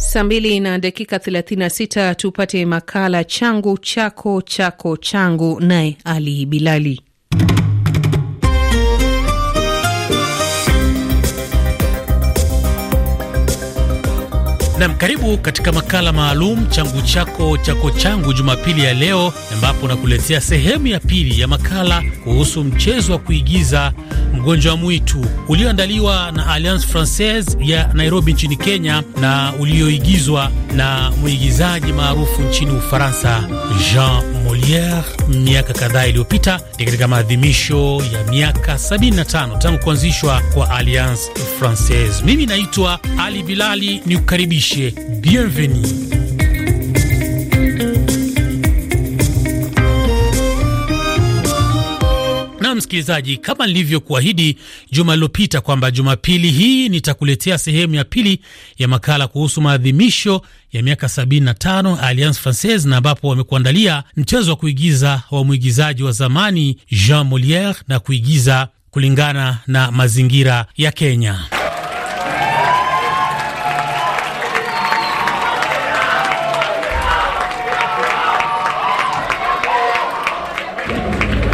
Saa mbili na dakika 36 tupate makala changu chako chako changu, naye Ali Bilali. Nam, karibu katika makala maalum changu chako chako changu Jumapili ya leo, ambapo nakuletea sehemu ya pili ya makala kuhusu mchezo wa kuigiza Mgonjwa Mwitu ulioandaliwa na Alliance Francaise ya Nairobi nchini Kenya na ulioigizwa na mwigizaji maarufu nchini Ufaransa Jean Moliere miaka kadhaa iliyopita ni katika maadhimisho ya miaka 75 tangu kuanzishwa kwa Alliance Francaise. Mimi naitwa Ali Bilali ni kukaribisha Mwanamke Bienvenue. Na msikilizaji, kama nilivyokuahidi juma lilopita kwamba Jumapili hii nitakuletea sehemu ya pili ya makala kuhusu maadhimisho ya miaka 75 Alliance Francaise na ambapo wamekuandalia mchezo wa kuigiza wa mwigizaji wa zamani Jean Moliere na kuigiza kulingana na mazingira ya Kenya.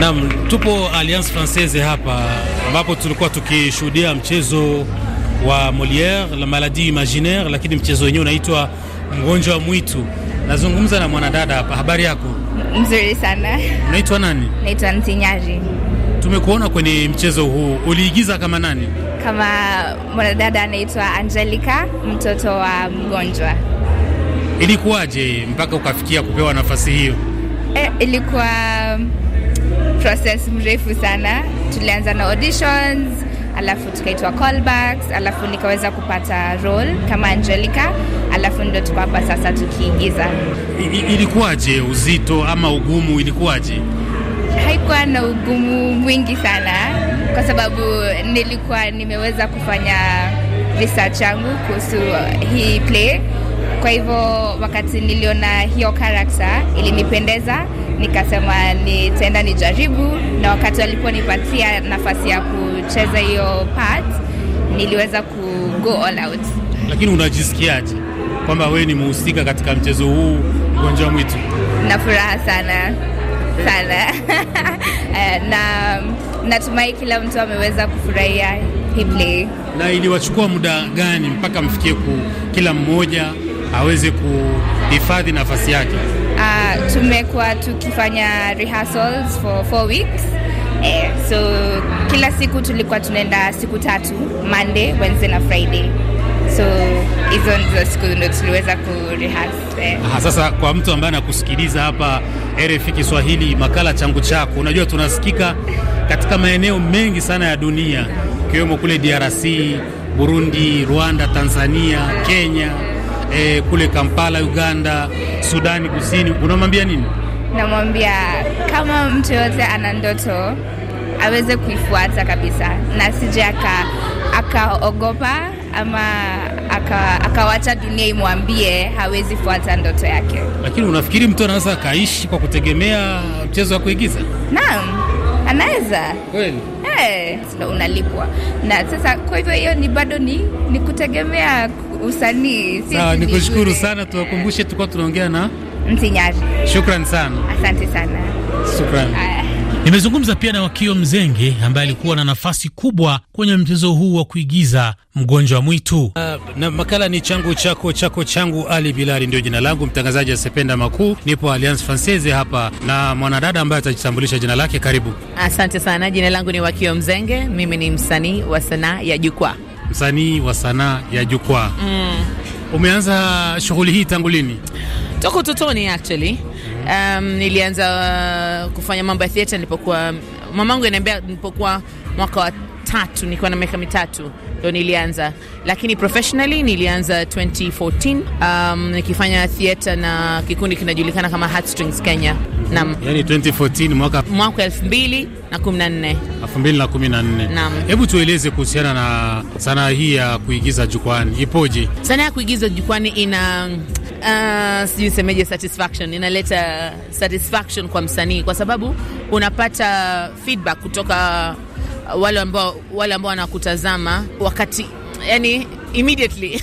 Naam, tupo Alliance Francaise hapa ambapo tulikuwa tukishuhudia mchezo wa Moliere la maladie imaginaire, lakini mchezo wenyewe unaitwa mgonjwa wa mwitu. Nazungumza na mwanadada hapa. Habari yako? Mzuri sana. Unaitwa nani? Naitwa Ntinyari. Tumekuona kwenye mchezo huu, uliigiza kama nani? Kama mwanadada anaitwa Angelica, mtoto wa mgonjwa. Ilikuwaje mpaka ukafikia kupewa nafasi hiyo? E, ilikuwa process mrefu sana. Tulianza na auditions, alafu tukaitwa callbacks, alafu nikaweza kupata role kama Angelica, alafu ndo tukapa sasa tukiingiza. Ilikuwaje uzito ama ugumu, ilikuwaje? Haikuwa na ugumu mwingi sana, kwa sababu nilikuwa nimeweza kufanya research yangu kuhusu hii play kwa hivyo wakati niliona hiyo karakta ilinipendeza, nikasema nitaenda nijaribu, na wakati waliponipatia nafasi ya kucheza hiyo part niliweza ku go all out. Lakini unajisikiaje kwamba wewe ni mhusika katika mchezo huu mgonjwa mwitu? Na furaha sana sana eh, na natumai kila mtu ameweza kufurahia hii play. Na iliwachukua muda gani mpaka mfikie kila mmoja aweze kuhifadhi nafasi yake. Uh, tumekuwa tukifanya rehearsals for four weeks eh, so kila siku tulikuwa tunaenda siku tatu, Monday, Wednesday na Friday so hizo ndizo siku ndo tuliweza kurehearse. Eh. Aha, sasa kwa mtu ambaye anakusikiliza hapa RFI Kiswahili, makala changu chako, unajua tunasikika katika maeneo mengi sana ya dunia ikiwemo kule DRC, Burundi, Rwanda, Tanzania, Kenya e, kule Kampala, Uganda, Sudani Kusini, unamwambia nini? Namwambia kama mtu yoyote ana ndoto aweze kuifuata kabisa, na sije akaogopa aka ama akawacha aka dunia imwambie hawezi fuata ndoto yake. Lakini unafikiri mtu anaweza akaishi kwa kutegemea mchezo wa kuigiza? Naam, anaweza kweli. Hey, eh, unalipwa na sasa, kwa hivyo hiyo ni bado ni, ni kutegemea usanii. Sawa, nikushukuru sana, tuwakumbushe tulikuwa tunaongea na Mtinyari. Shukrani sana, asante sana, shukran. Nimezungumza pia na Wakio Mzenge ambaye alikuwa na nafasi kubwa kwenye mchezo huu wa kuigiza Mgonjwa Mwitu. Uh, na makala ni changu chako chako changu. Ali Bilali ndio jina langu, mtangazaji asependa makuu. Nipo Alliance Francaise hapa na mwanadada ambaye atajitambulisha jina lake. Karibu. Asante sana, jina langu ni Wakio Mzenge, mimi ni msanii wa sanaa ya jukwaa msanii wa sanaa ya jukwaa mm. Umeanza shughuli hii tangu lini? Toka utotoni actually. Um, nilianza uh, kufanya mambo ya theater nilipokuwa, mamangu ananiambia nilipokuwa mwaka wa tatu, nikiwa na miaka mitatu ndo nilianza, lakini professionally nilianza 2014 um, nikifanya theatre na kikundi kinajulikana kama Heartstrings Kenya. Naam, yani 2014 mwaka mwaka 2014 2014. Naam, hebu tueleze kuhusiana na sanaa hii ya kuigiza jukwani ipoje? Sanaa ya kuigiza jukwani ina Uh, sijui semeje, satisfaction inaleta satisfaction kwa msanii, kwa sababu unapata feedback kutoka wale ambao wale ambao wanakutazama wakati yani immediately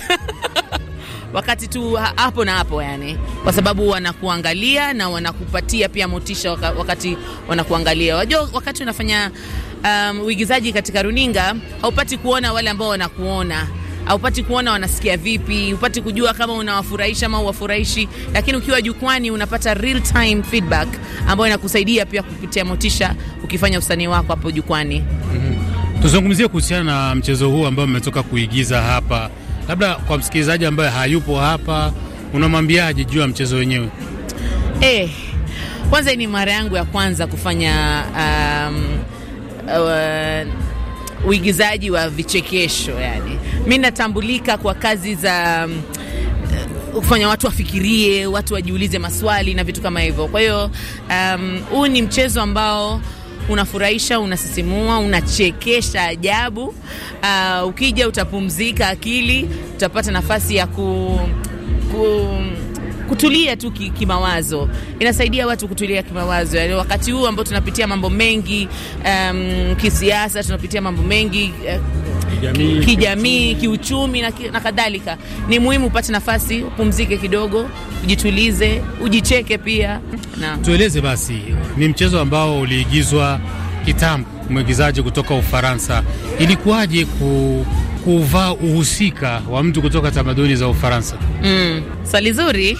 wakati tu hapo na hapo yani, kwa sababu wanakuangalia na wanakupatia pia motisha wakati wanakuangalia. Wajua, wakati unafanya um, uigizaji katika runinga haupati kuona wale ambao wanakuona haupati kuona wanasikia vipi, upati kujua kama unawafurahisha ama uwafurahishi, lakini ukiwa jukwani unapata real time feedback ambayo inakusaidia pia kupitia motisha ukifanya usanii wako hapo jukwani. mm -hmm. Tuzungumzie kuhusiana na mchezo huu ambao mmetoka kuigiza hapa, labda kwa msikilizaji ambaye hayupo hapa, unamwambiaje juu ya mchezo wenyewe? Eh, kwanza ni mara yangu ya kwanza kufanya um, uh, uigizaji wa vichekesho yani. Mi natambulika kwa kazi za um, kufanya watu wafikirie, watu wajiulize maswali na vitu kama hivyo. Kwa hiyo mm, huu um, ni mchezo ambao unafurahisha, unasisimua, unachekesha ajabu. Uh, ukija utapumzika akili, utapata nafasi ya ku, ku kutulia tu kimawazo, inasaidia watu kutulia kimawazo. Yani wakati huu ambao tunapitia mambo mengi um, kisiasa tunapitia mambo mengi uh, kijamii kiuchumi na, na kadhalika, ni muhimu upate nafasi upumzike kidogo, ujitulize, ujicheke pia na. Tueleze basi, ni mchezo ambao uliigizwa kitambo, mwigizaji kutoka Ufaransa, ilikuwaje ku kuvaa uhusika wa mtu kutoka tamaduni za Ufaransa. Mm, swali zuri.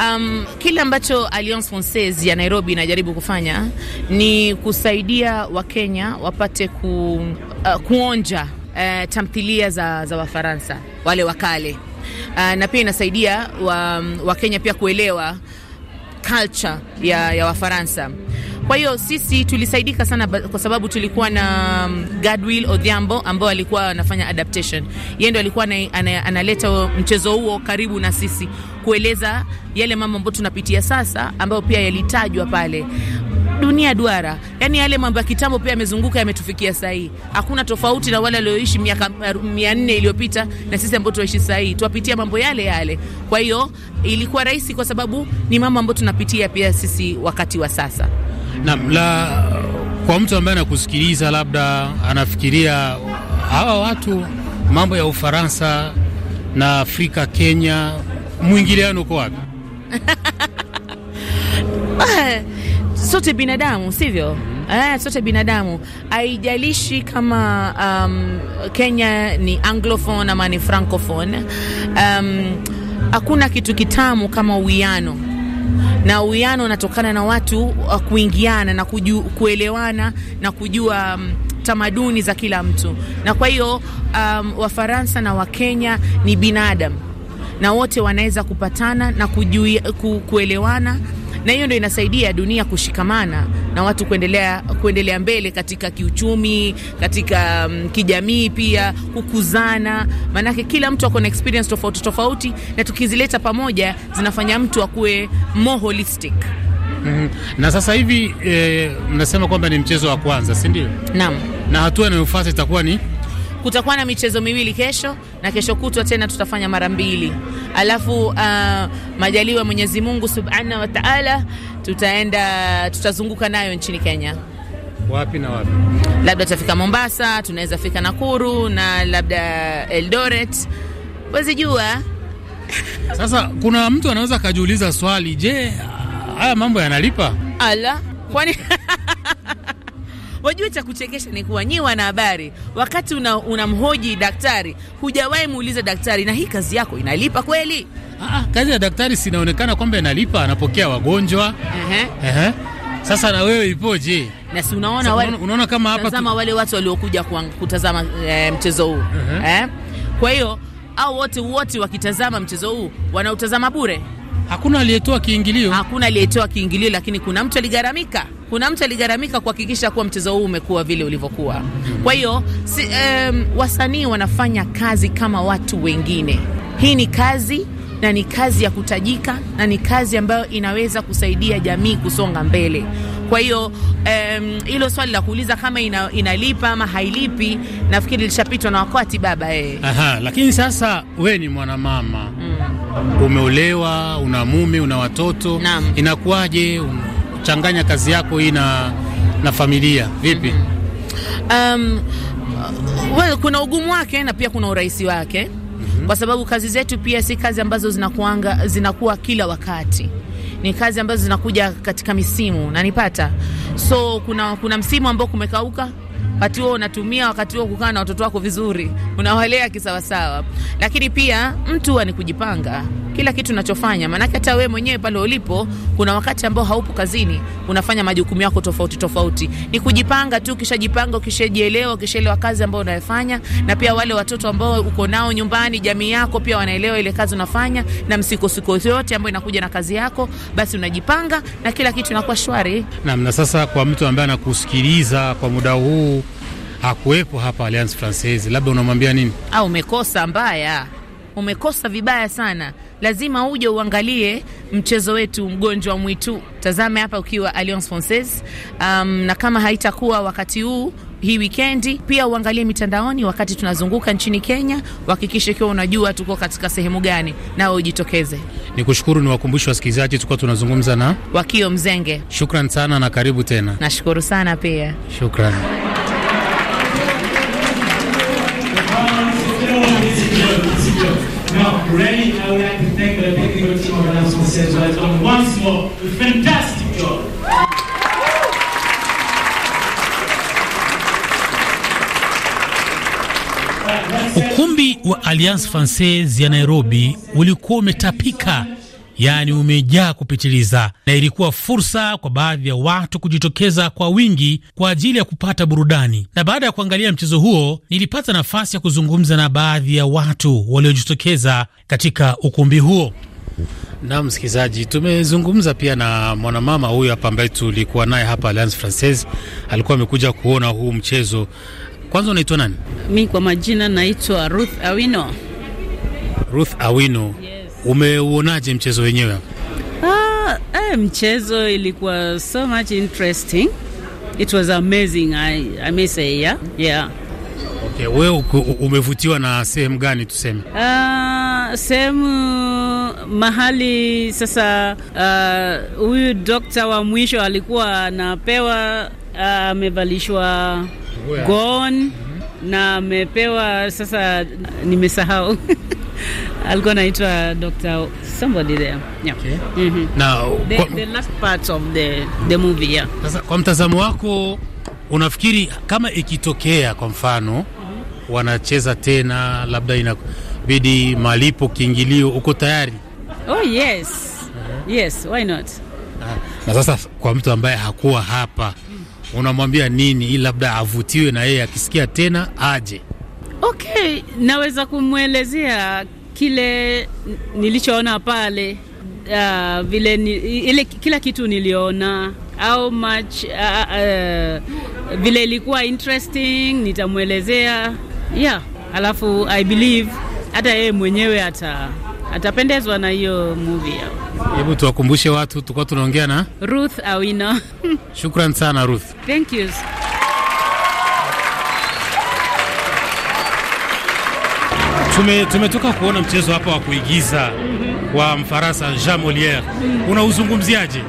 Um, kile ambacho Alliance Francaise ya Nairobi inajaribu kufanya ni kusaidia Wakenya wapate ku, uh, kuonja uh, tamthilia za, za Wafaransa wale wakale uh, na pia inasaidia Wakenya wa pia kuelewa culture ya, ya Wafaransa. Kwa hiyo sisi tulisaidika sana kwa sababu tulikuwa na um, Godwill Odhiambo ambao alikuwa anafanya adaptation. Yeye ndo alikuwa analeta mchezo huo karibu na sisi kueleza yale mambo ambayo tunapitia sasa ambayo pia yalitajwa pale dunia duara, yani yale mambo ya kitambo pia yamezunguka, yametufikia sasa hii. Hakuna tofauti na wale walioishi miaka 400 er, iliyopita na sisi ambao tunaishi sasa hii, tuwapitia mambo yale yale. Kwa hiyo ilikuwa rahisi, kwa sababu ni mambo ambayo tunapitia pia sisi wakati wa sasa na la kwa mtu ambaye anakusikiliza labda anafikiria hawa watu mambo ya Ufaransa na Afrika, Kenya, mwingiliano uko wapi? Sote binadamu, sivyo? Ah, sote binadamu, haijalishi kama um, Kenya ni anglophone ama ni francophone. Um, hakuna kitu kitamu kama uwiano na uwiano unatokana na watu uh, kuingiana na kuju, kuelewana na kujua um, tamaduni za kila mtu, na kwa hiyo um, Wafaransa na Wakenya ni binadamu na wote wanaweza kupatana na kujui, ku, kuelewana na hiyo ndio inasaidia dunia kushikamana na watu kuendelea, kuendelea mbele katika kiuchumi, katika um, kijamii pia kukuzana, maanake kila mtu ako na experience tofauti tofauti, na tukizileta pamoja zinafanya mtu akuwe more holistic. Mm -hmm. Na sasa hivi eh, mnasema kwamba ni mchezo wa kwanza, si ndio? Naam. Na hatua inayofuata itakuwa ni kutakuwa na michezo miwili kesho na kesho kutwa tena tutafanya mara mbili, alafu uh, majaliwa Mwenyezi Mungu subhana wa taala, tutaenda tutazunguka nayo nchini Kenya. Wapi na wapi? Labda tutafika Mombasa, tunaweza fika Nakuru na labda Eldoret, wezi jua. Sasa kuna mtu anaweza akajiuliza swali, je, haya mambo yanalipa? Ala, kwani Wajua cha kuchekesha ni kuwa nyi wanahabari, wakati unamhoji una daktari, hujawahi muuliza daktari, na hii kazi yako inalipa kweli? Ah, ah kazi ya daktari sinaonekana kwamba inalipa, anapokea wagonjwa uh -huh. Uh -huh. Sasa na wewe ipoje? Na si unaona wale, unaona kama hapa tazama wale watu waliokuja kutazama e, mchezo huu uh -huh. eh? Kwa hiyo au wote wote wakitazama mchezo huu wanautazama bure Hakuna aliyetoa kiingilio, hakuna aliyetoa kiingilio, lakini kuna mtu aligaramika, kuna mtu aligaramika kuhakikisha kuwa mchezo huu umekuwa vile ulivyokuwa. Kwa hiyo si, um, wasanii wanafanya kazi kama watu wengine. Hii ni kazi na ni kazi ya kutajika na ni kazi ambayo inaweza kusaidia jamii kusonga mbele. Kwa hiyo hilo um, swali la kuuliza kama ina, inalipa ama hailipi nafikiri lishapitwa na wakati baba yeye. Aha, lakini sasa we ni mwanamama mm. Umeolewa, una mume, una watoto, inakuwaje changanya kazi yako hii na, na familia vipi? mm -hmm. Um, well, kuna ugumu wake na pia kuna urahisi wake mm -hmm. Kwa sababu kazi zetu pia si kazi ambazo zinakuanga zinakuwa kila wakati ni kazi ambazo zinakuja katika misimu nanipata. So kuna, kuna msimu ambao kumekauka wakati huo unatumia wakati huo kukaa na watoto wako vizuri, unawalea kisawasawa, lakini pia mtu ni kujipanga kila kitu unachofanya, maanake hata wewe mwenyewe pale ulipo, kuna wakati ambao haupo kazini, unafanya majukumu yako tofauti tofauti. Ni kujipanga tu, ukishajipanga, ukishajielewa, ukishaelewa kazi ambayo unayofanya, na pia wale watoto ambao uko nao nyumbani, jamii yako pia wanaelewa ile kazi unafanya, na msikosiko yote ambayo inakuja na kazi yako, basi unajipanga na kila kitu inakuwa shwari. Naam. Na sasa kwa mtu ambaye anakusikiliza kwa muda huu hakuwepo hapa Alliance Francaise, labda unamwambia nini? Au ah, umekosa mbaya, umekosa vibaya sana lazima uje uangalie mchezo wetu mgonjwa mwitu. Tazame hapa ukiwa Alliance Francaise, um, na kama haitakuwa wakati huu hii wikendi, pia uangalie mitandaoni wakati tunazunguka nchini Kenya, uhakikishe ikiwa unajua tuko katika sehemu gani, nawe ujitokeze. Ni kushukuru, ni wakumbushi wasikilizaji, tulikuwa tunazungumza na Wakio Mzenge. Shukran sana na karibu tena. Nashukuru sana pia, shukran. Really, I would like to thank the technical team of Rams Concert who has done once more a fantastic job. Ukumbi wa Alliance Francaise ya Nairobi ulikuwa umetapika yaani umejaa kupitiliza, na ilikuwa fursa kwa baadhi ya watu kujitokeza kwa wingi kwa ajili ya kupata burudani. Na baada ya kuangalia mchezo huo, nilipata nafasi ya kuzungumza na baadhi ya watu waliojitokeza katika ukumbi huo. Na msikilizaji, tumezungumza pia na mwanamama huyu hapa ambaye tulikuwa naye hapa Alliance Francaise, alikuwa amekuja kuona huu mchezo. Kwanza, unaitwa nani? Mi kwa majina naitwa Ruth Awino. Ruth Awino, yeah. Umeuonaje mchezo wenyewe hapa? Ah, eh, mchezo ilikuwa so much interesting. It was amazing, I, I may say, yeah. Yeah. Okay, wewe umevutiwa na sehemu gani tuseme? Uh, sehemu mahali sasa ah, huyu uh, dokta wa mwisho alikuwa anapewa ah, amevalishwa uh, gown mm -hmm. na amepewa sasa nimesahau alikuwa anaitwa Dr. somebody there. Yeah. Okay. Mm -hmm. Now, the, kwa, the last part of the, the movie, yeah. Sasa kwa mtazamo wako unafikiri kama ikitokea kwa mfano mm -hmm. wanacheza tena labda inabidi malipo kiingilio, uko tayari? Oh, yes. Uh -huh. Yes, why not? Ah, na sasa kwa mtu ambaye hakuwa hapa mm. unamwambia nini ili labda avutiwe na yeye akisikia tena aje? Okay, naweza kumwelezea kile nilichoona pale, uh, vile ni, ile kila kitu niliona how much uh, uh, vile ilikuwa interesting nitamwelezea, yeah. Alafu I believe hata yeye mwenyewe hata atapendezwa na hiyo movie yao. Hebu tuwakumbushe watu, tulikuwa tunaongea na Ruth Awino. Shukran sana Ruth. Thank you. Tume, tumetoka kuona mchezo hapa wa kuigiza wa Mfaransa Jean Moliere, unauzungumziaje?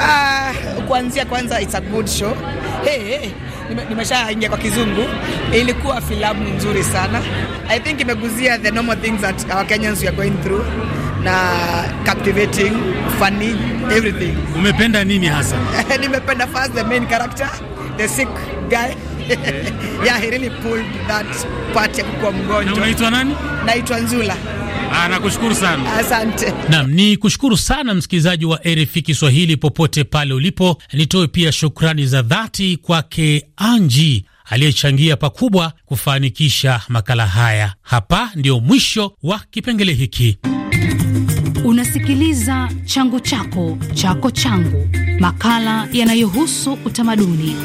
Ah, kuanzia kwanza, it's a good show. Hey, hey. Nimeshaingia nime kwa kizungu. Ilikuwa filamu nzuri sana. I think imeguzia the normal things that our Kenyans are going through na captivating, funny, everything. Umependa nini hasa? Nimependa first the main character, the sick guy yeah, he really pulled that part ya kuwa mgonjwa. Unaitwa nani? Naitwa Nzula. Ah, nakushukuru sana. Asante. Naam, ni kushukuru sana msikilizaji wa RFI Kiswahili popote pale ulipo. Nitoe pia shukrani za dhati kwake Anji aliyechangia pakubwa kufanikisha makala haya. Hapa ndio mwisho wa kipengele hiki. Unasikiliza changu chako chako changu, makala yanayohusu utamaduni.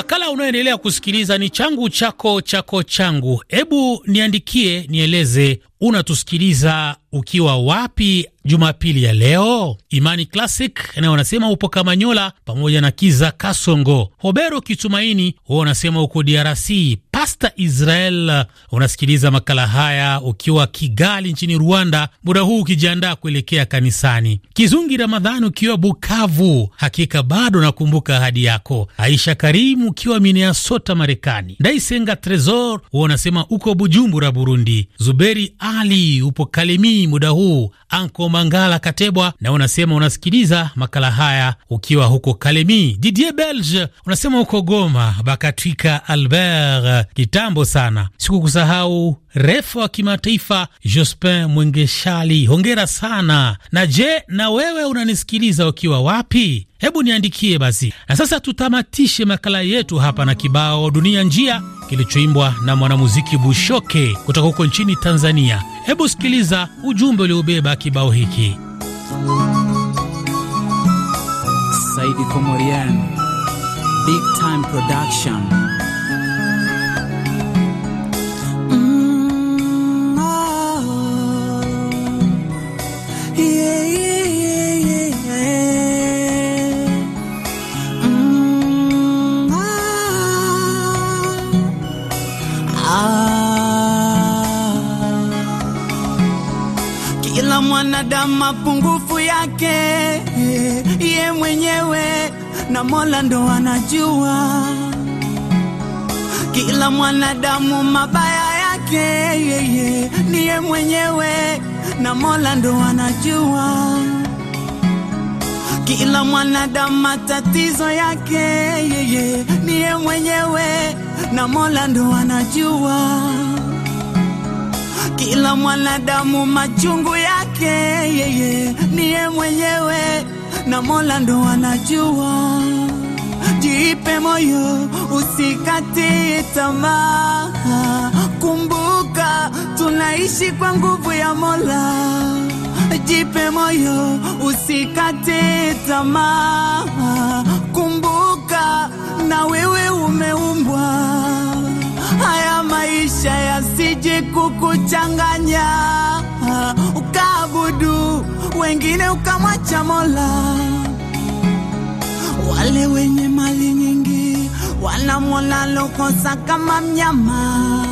Makala unayoendelea kusikiliza ni changu chako chako changu. Hebu niandikie, nieleze unatusikiliza ukiwa wapi jumapili ya leo. Imani Classic na wanasema upo Kamanyola pamoja na Kiza Kasongo. Hobero Kitumaini huwa wanasema uko DRC. Hasta Israel. Uh, unasikiliza makala haya ukiwa Kigali nchini Rwanda, muda huu ukijiandaa kuelekea kanisani. Kizungi Ramadhani ukiwa Bukavu, hakika bado nakumbuka ahadi yako. Aisha Karimu ukiwa Minnesota Marekani, Ndaisenga Tresor huwa unasema uko Bujumbura Burundi, Zuberi Ali upo Kalemi muda huu, Anko Mangala Katebwa na unasema unasikiliza makala haya ukiwa huko Kalemi. Didier Belge unasema uko Goma, Bakatwika Albert kitambo sana. Sikukusahau refa wa kimataifa Jospin Mwengeshali, hongera sana. Na je, na wewe unanisikiliza ukiwa wapi? Hebu niandikie basi. Na sasa tutamatishe makala yetu hapa na kibao dunia njia kilichoimbwa na mwanamuziki Bushoke kutoka huko nchini Tanzania. Hebu sikiliza ujumbe uliobeba kibao hiki. Saidi Big Time Production. mapungufu yake ye mwenyewe, na Mola ndo anajua kila mwanadamu mabaya yake yeye, ni ye mwenyewe, na Mola ndo anajua kila mwanadamu matatizo yake yeye, ni ye mwenyewe, na Mola ndo anajua kila mwanadamu machungu yake yeye niye mwenyewe na Mola ndo anajua. Jipe moyo, usikate tamaa, kumbuka tunaishi kwa nguvu ya Mola. Jipe moyo, usikate tamaa, kumbuka na wewe umeumbwa maisha yasije kukuchanganya, ukaabudu wengine ukamwacha Mola. Wale wenye mali nyingi Mola lokosa kama mnyama.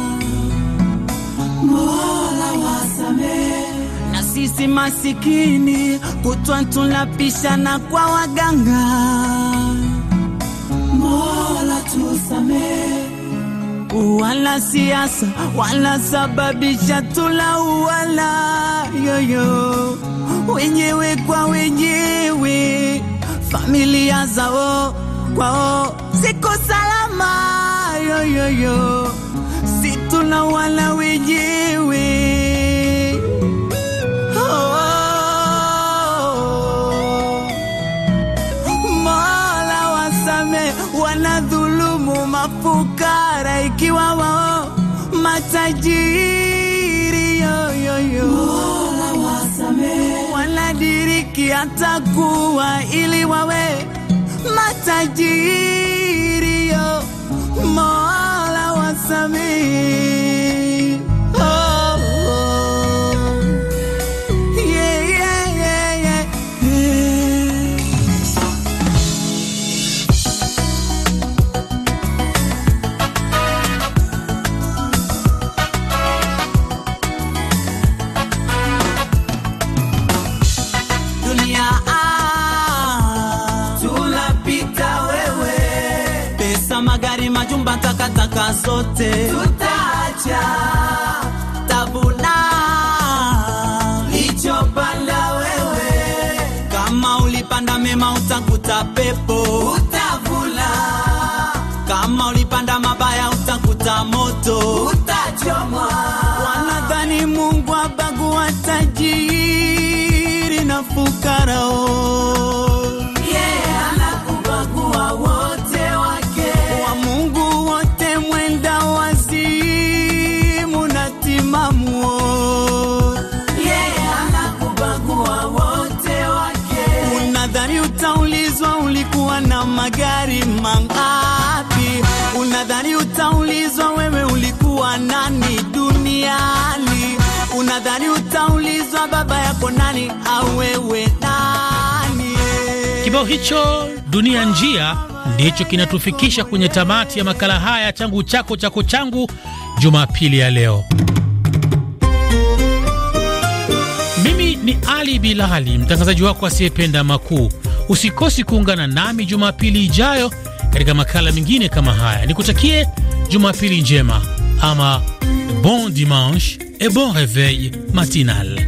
Mola wasame na sisi masikini kutwa na kwa waganga. Mola tusamee wala siasa wala sababisha tula wala yoyo, wenyewe kwa wenyewe, familia zao kwao ziko salama yoyoyo, si tuna wala wenyewe ajiri yoyoyo, Mola wasamehe, wanadiriki atakuwa ili wawe matajiri yo, Mola wasamehe lawama zote tutaacha tabuna lichopanda wewe kama ulipanda mema utakuta pepo utavula kama ulipanda mabaya utakuta moto utachomwa wanadhani Mungu abagua tajiri na fukarao magari mangapi? Unadhani utaulizwa wewe ulikuwa nani duniani? Unadhani utaulizwa baba yako nani au wewe nani? Kibao hicho dunia njia ndicho kinatufikisha kwenye tamati ya makala haya changu chako chako changu Jumapili ya leo. Mimi ni Ali Bilali, mtangazaji wako asiyependa makuu. Usikosi kuungana nami Jumapili ijayo katika makala mengine kama haya. Nikutakie Jumapili njema ama bon dimanche et bon reveil matinal.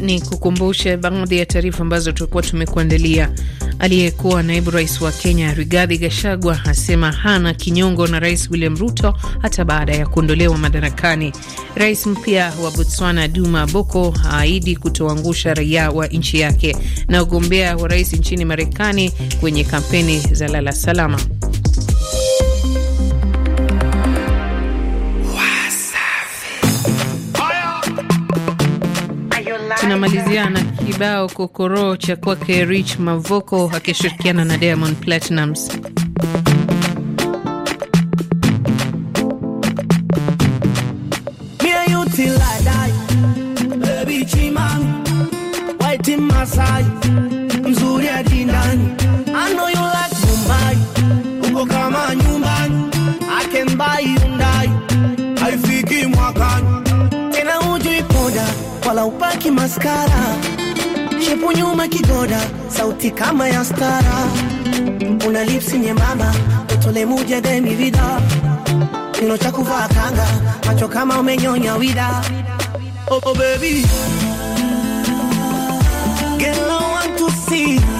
ni kukumbushe baadhi ya taarifa ambazo tulikuwa tumekuandalia. Aliyekuwa naibu rais wa Kenya Rigathi Gachagua asema hana kinyongo na Rais William Ruto hata baada ya kuondolewa madarakani. Rais mpya wa Botswana Duma Boko aahidi kutoangusha raia wa nchi yake, na ugombea wa rais nchini Marekani kwenye kampeni za lala salama. tunamalizia na kibao kokoro cha kwake Rich Mavoko akishirikiana na Diamond Platnumz. wala upaki maskara, shepu nyuma kigoda, sauti kama ya stara, una lipsi nyembamba, utole muje demi vida, kilo cha kuvaa kanga, macho kama umenyonya wida. Oh, oh baby, girl I want to see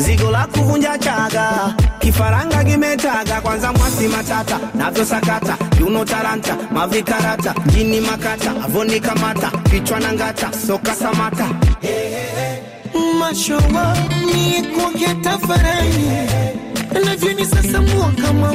zigo la kuvunja chaga, kifaranga kimetaga, kwanza mwasi matata, navyo sakata, yuno taranta, mavikarata, jini makata, avoni kamata, kichwa na ngata, soka samata. Mashowa ni kuoketa farani, navyoni sasa mua kama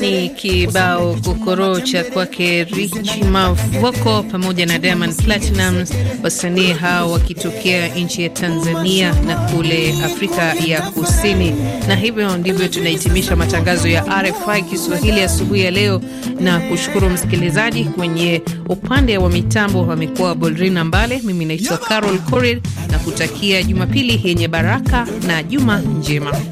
ni kibao kukorocha kwake Rich Mavoko pamoja na Diamond Platnumz, wasanii hao wakitokea nchi ya Tanzania na kule Afrika ya Kusini. Na hivyo ndivyo tunahitimisha matangazo ya RFI Kiswahili asubuhi ya leo, na kushukuru msikilizaji. Kwenye upande wa mitambo wamekuwa Bolrina Mbale, mimi naitwa Carol Korir na kutakia Jumapili yenye baraka na juma njema.